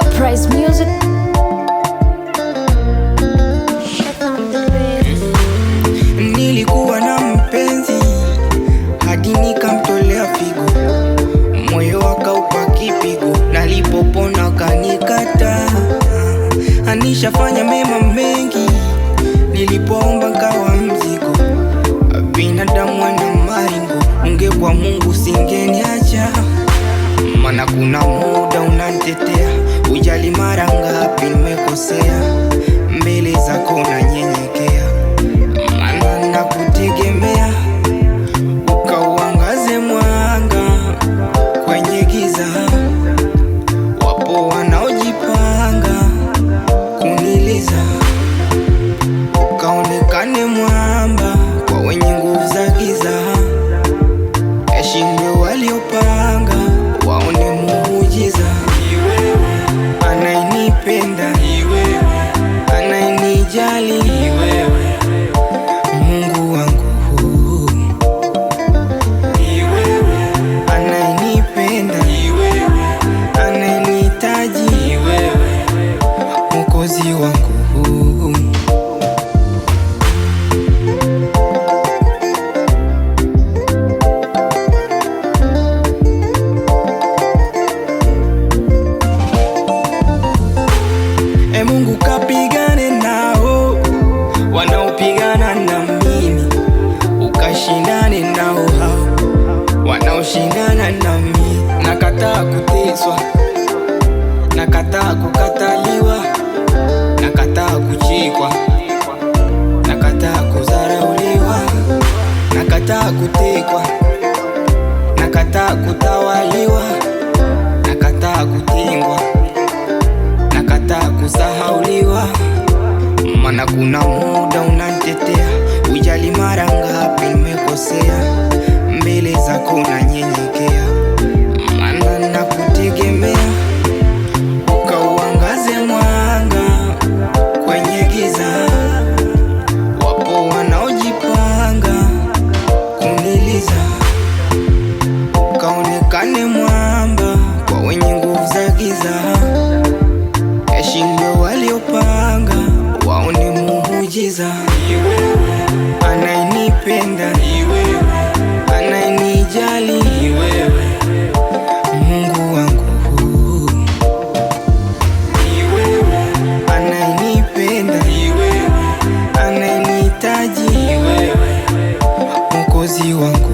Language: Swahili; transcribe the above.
Uprise Nilikuwa na mpenzi hadi moyo nalipopona kanikata, anishafanya mema mema usingeniacha, mana kuna muda unantetea ujali mara ngapi nimekosea your body kupigane Why wanao na kuna muda unantetea, ujali mara ngapi nimekosea mbele za kuna miujiza, anayenipenda, anayenijali, Mungu wangu, anayenipenda, anayenitaji, Mwokozi wangu